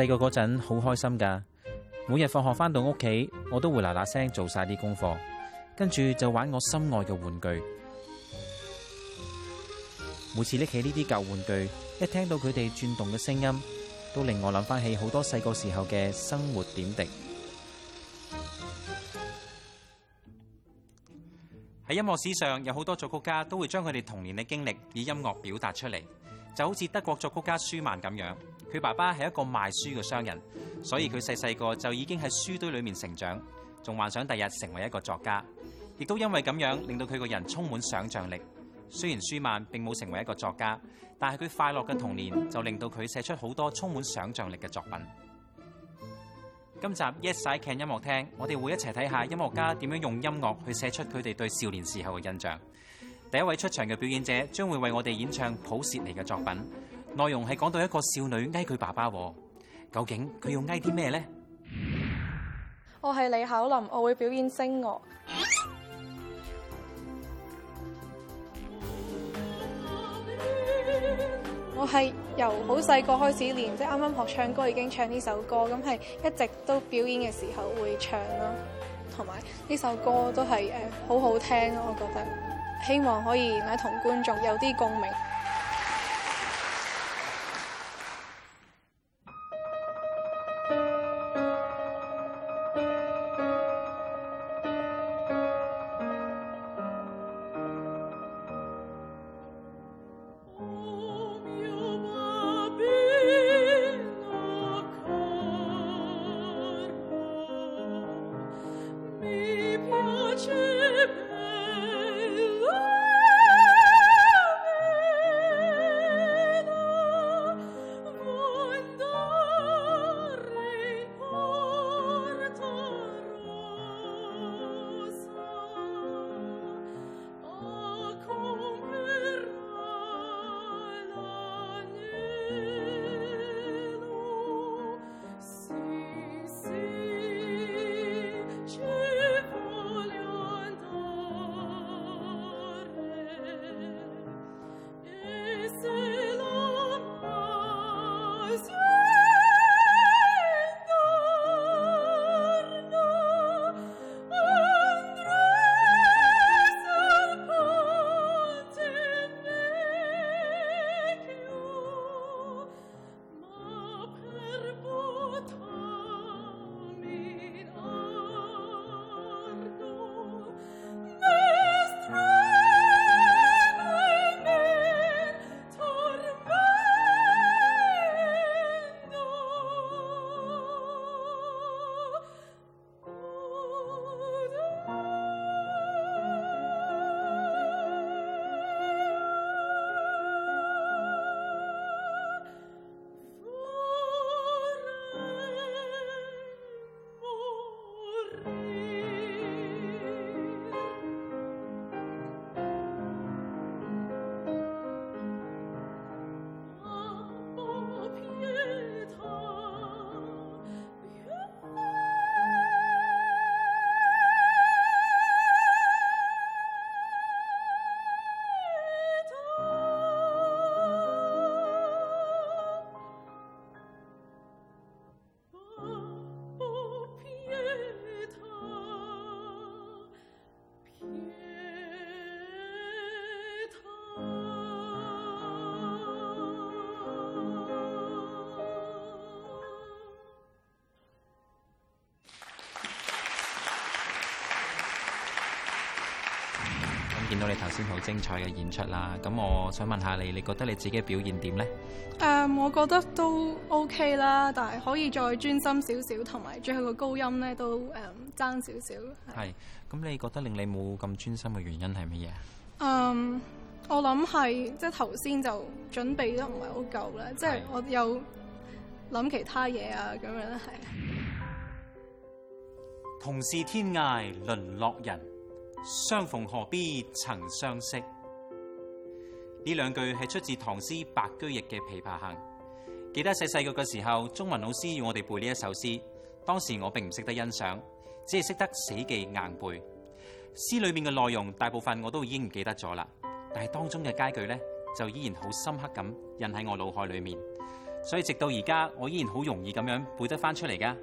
細個嗰陣好開心㗎，每日放學返到屋企，我都會嗱嗱聲做晒啲功課，跟住就玩我心愛嘅玩具。每次拎起呢啲舊玩具，一聽到佢哋轉動嘅聲音，都令我諗翻起好多細個時候嘅生活點滴。喺音樂史上，有好多作曲家都會將佢哋童年嘅經歷以音樂表達出嚟，就好似德國作曲家舒曼咁樣。佢爸爸係一個賣書嘅商人，所以佢細細個就已經喺書堆裏面成長，仲幻想第日成為一個作家。亦都因為咁樣，令到佢個人充滿想像力。雖然舒曼並冇成為一個作家，但係佢快樂嘅童年就令到佢寫出好多充滿想像力嘅作品。今集《Yes I Can》音樂廳，我哋會一齊睇下音樂家點樣用音樂去寫出佢哋對少年時候嘅印象。第一位出場嘅表演者將會為我哋演唱普契尼嘅作品。內容係講到一個少女嗌佢爸爸，究竟佢要嗌啲咩呢？我係李巧林，我會表演聲樂。 我係由好細個開始練，即係啱啱學唱歌已經唱呢首歌，咁係一直都表演嘅時候會唱囉。同埋呢首歌都係誒好好聽，我覺得希望可以我同觀眾有啲共鳴。見到你頭先好精彩嘅演出啦，咁我想問下你，你覺得你自己嘅表現點呢？誒，um, 我覺得都 OK 啦，但係可以再專心少少，同埋最後個高音呢都誒爭少少。係。um，咁你覺得令你冇咁專心嘅原因係乜嘢？嗯、um，我諗係即係頭先就準備得唔係好夠啦，即係的我有諗其他嘢啊，咁樣係。是同是天涯淪落人。相逢何必曾相識？呢兩句係出自唐詩白居易嘅《琵琶行》。記得細細個嘅時候，中文老師要我哋背呢一首詩，當時我並唔識得欣賞，只係識得死記硬背。詩裏面嘅內容大部分我都已經唔記得咗啦，但係當中嘅佳句呢，就依然好深刻咁印喺我腦海裏面，所以直到而家我依然好容易咁樣背得翻出嚟噶。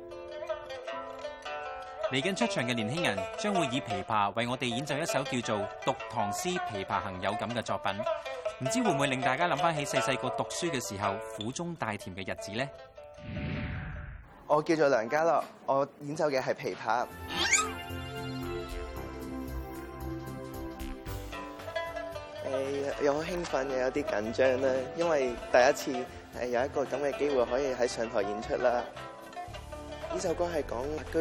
嚟緊出場嘅年輕人將會以琵琶為我哋演奏一首叫做《讀唐詩琵琶行》有感嘅作品，唔知會唔會令大家諗翻起細細個讀書嘅時候苦中帶甜嘅日子呢？我叫做梁家樂，我演奏嘅係琵琶。誒、哎，有好興奮，又有啲緊張啦，因為第一次有一個咁嘅機會可以喺上台演出啦。呢首歌係講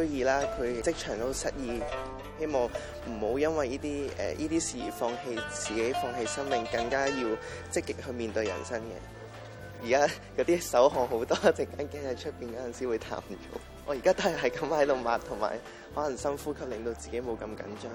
居二啦，佢職場都失意，希望唔好因為呢啲誒、呢啲事而放棄自己，放棄生命，更加要積極去面對人生嘅。而家有啲手汗好多，陣間驚喺出邊嗰陣時會汙糟。我而家都係係咁喺度抹，同埋可能深呼吸令到自己冇咁緊張。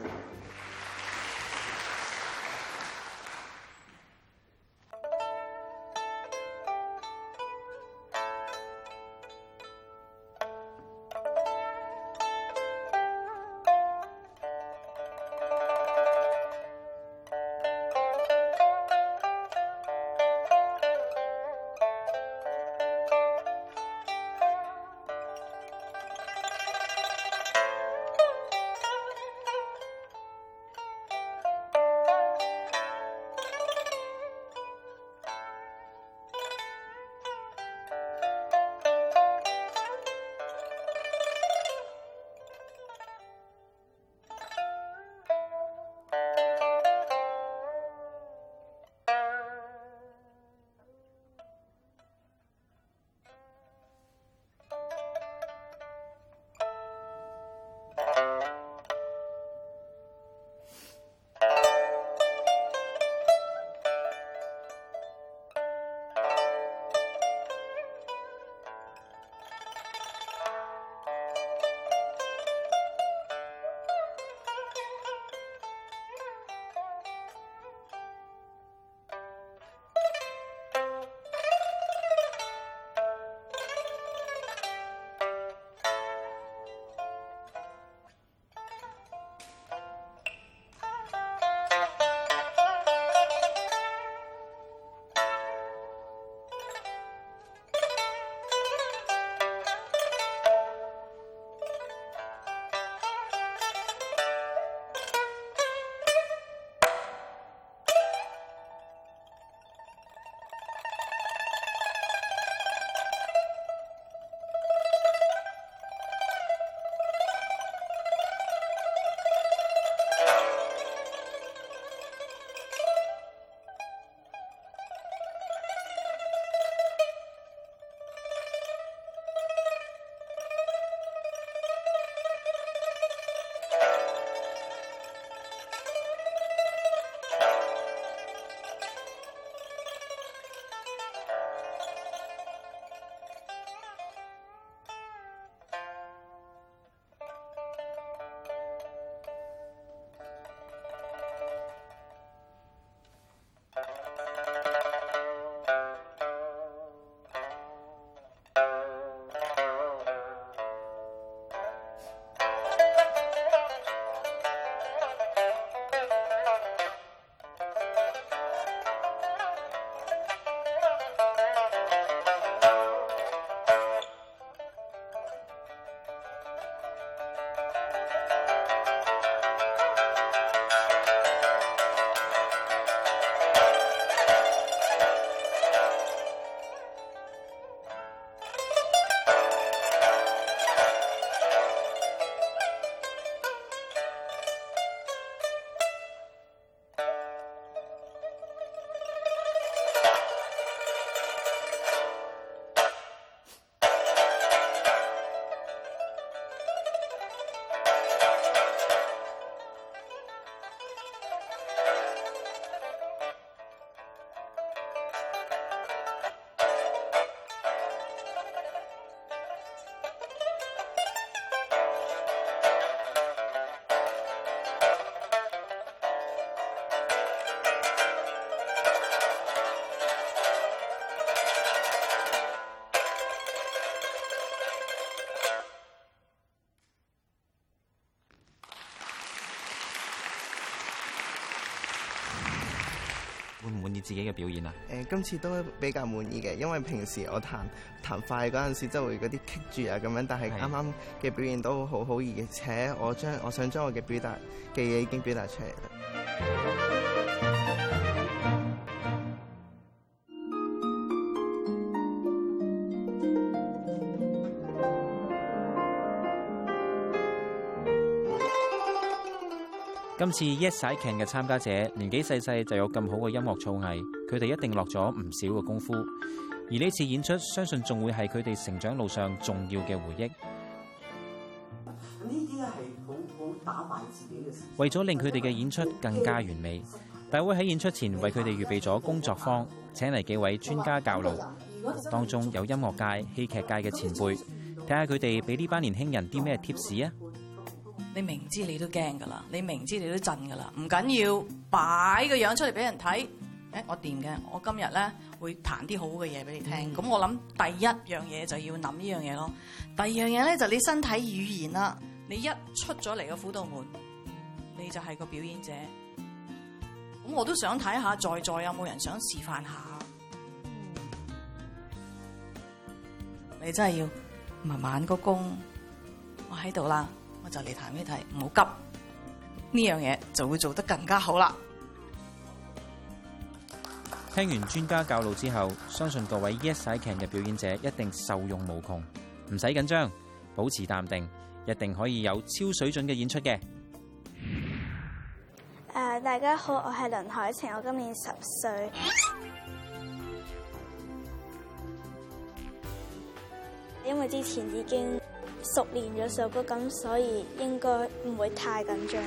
唔滿意自己嘅表現啊！誒、呃，今次都比較滿意嘅，因為平時我彈彈快嗰陣時，即係會嗰啲棘住啊咁樣，但係啱啱嘅表現都好好，而且我將我想將我嘅表達嘅嘢已經表達出嚟啦。似一洗劇嘅參加者，年紀細細就有咁好嘅音樂造詣，佢哋一定落咗唔少嘅功夫。而呢次演出，相信仲會係佢哋成長路上重要嘅回憶。咁為咗令佢哋嘅演出更加完美，大會喺演出前為佢哋預備咗工作坊，請嚟幾位專家教導，當中有音樂界、戲劇界嘅前輩，睇下佢哋俾呢班年輕人啲咩 tips 啊！你明知你都驚噶啦，你明知你都震噶啦，唔緊要，擺個樣出嚟俾人睇。誒、欸，我掂嘅，我今日咧會彈啲好嘅嘢俾你聽。咁、嗯、我諗第一樣嘢就要諗呢樣嘢咯。第二樣嘢咧就是、你身體語言啦。你一出咗嚟個輔導門，你就係個表演者。咁我都想睇下在座有冇人想示範下。你真係要慢慢個功，我喺度啦。我就嚟談一提，唔好急，呢樣嘢就會做得更加好啦。聽完專家教導之後，相信各位 Yes I Can 嘅表演者一定受用無窮，唔使緊張，保持淡定，一定可以有超水準嘅演出嘅。呃，大家好，我係林海晴，我今年十歲，因為之前已經。熟練咗首歌咁，所以應該唔會太緊張。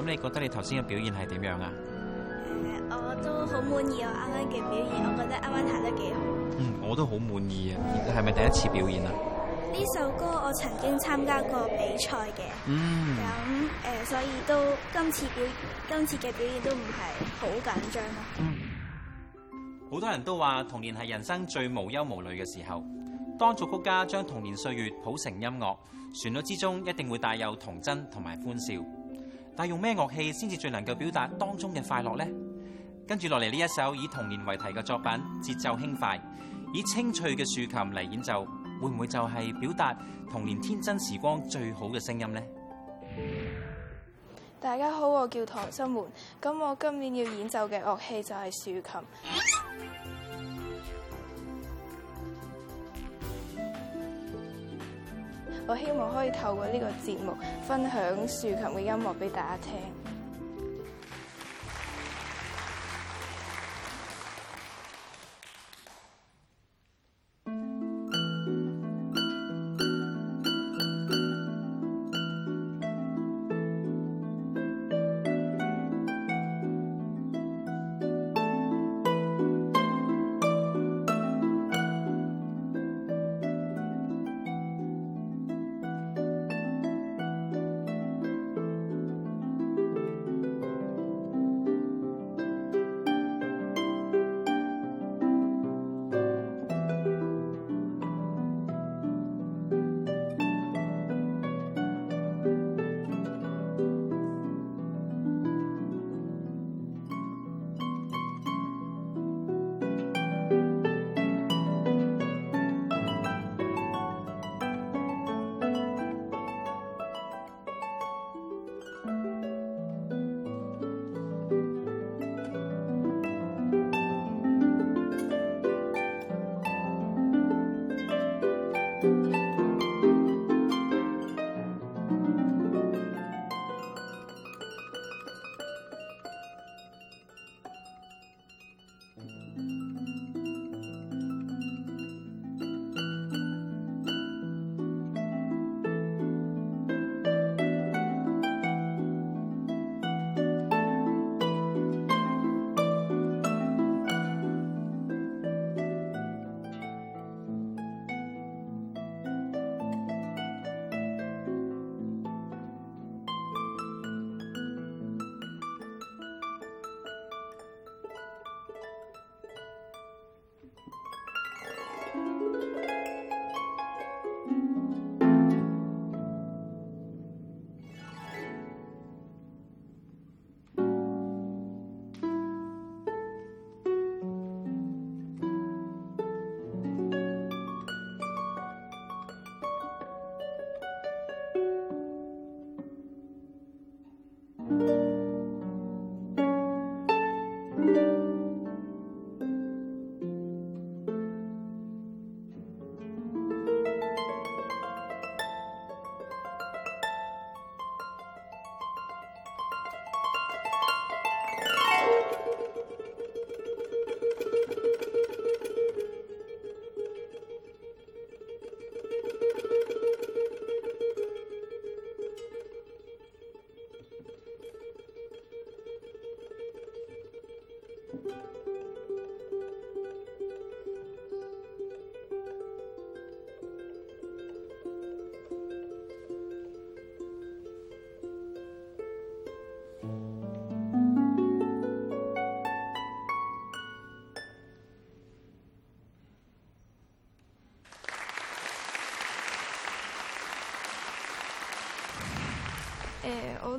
咁你覺得你頭先嘅表現係點樣啊？嗯？我都好滿意我啱啱嘅表現，我覺得啱啱彈得幾好。嗯，我都好滿意啊！你係咪第一次表演啊？呢首歌我曾經參加過比賽嘅，咁誒、嗯嗯呃，所以都今次表今次嘅表演都唔係好緊張啊。好、嗯、多人都話童年係人生最無憂無慮嘅時候，當作曲家將童年歲月譜成音樂，旋律之中一定會帶有童真同埋歡笑。但用咩樂器先至最能夠表達當中嘅快樂呢？跟住落嚟呢一首以童年為題嘅作品，節奏輕快，以清脆嘅豎琴嚟演奏，會唔會就係表達童年天真時光最好嘅聲音呢？大家好，我叫唐心門，咁我今年要演奏嘅樂器就係豎琴。我希望可以透過呢個節目分享豎琴嘅音樂俾大家聽。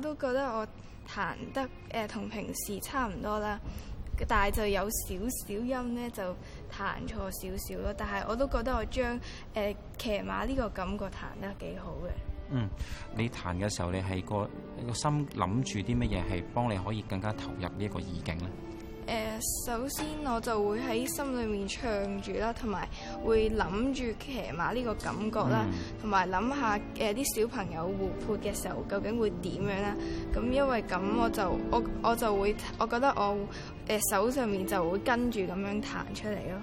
都覺得我彈得誒同、呃、平時差唔多啦，但係就有少少音咧就彈錯少少咯。但係我都覺得我將誒、呃、騎馬呢個感覺彈得幾好嘅。嗯，你彈嘅時候你係個你個心諗住啲乜嘢，係幫你可以更加投入呢一個意境咧？誒、呃，首先我就會喺心裏面唱住啦，同埋會諗住騎馬呢個感覺啦，同埋諗下誒啲小朋友活潑嘅時候究竟會點樣啦。咁因為咁，我就、嗯、我我就會，我覺得我誒、呃、手上面就會跟住咁樣彈出嚟咯。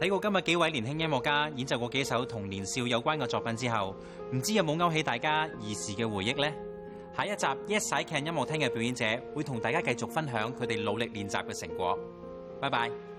睇、嗯、過今日幾位年輕音樂家演奏過幾首同年少有關嘅作品之後，唔知有冇勾起大家兒時嘅回憶呢？下一集《Yes I Can 音樂廳》嘅表演者會同大家繼續分享佢哋努力練習嘅成果。拜拜。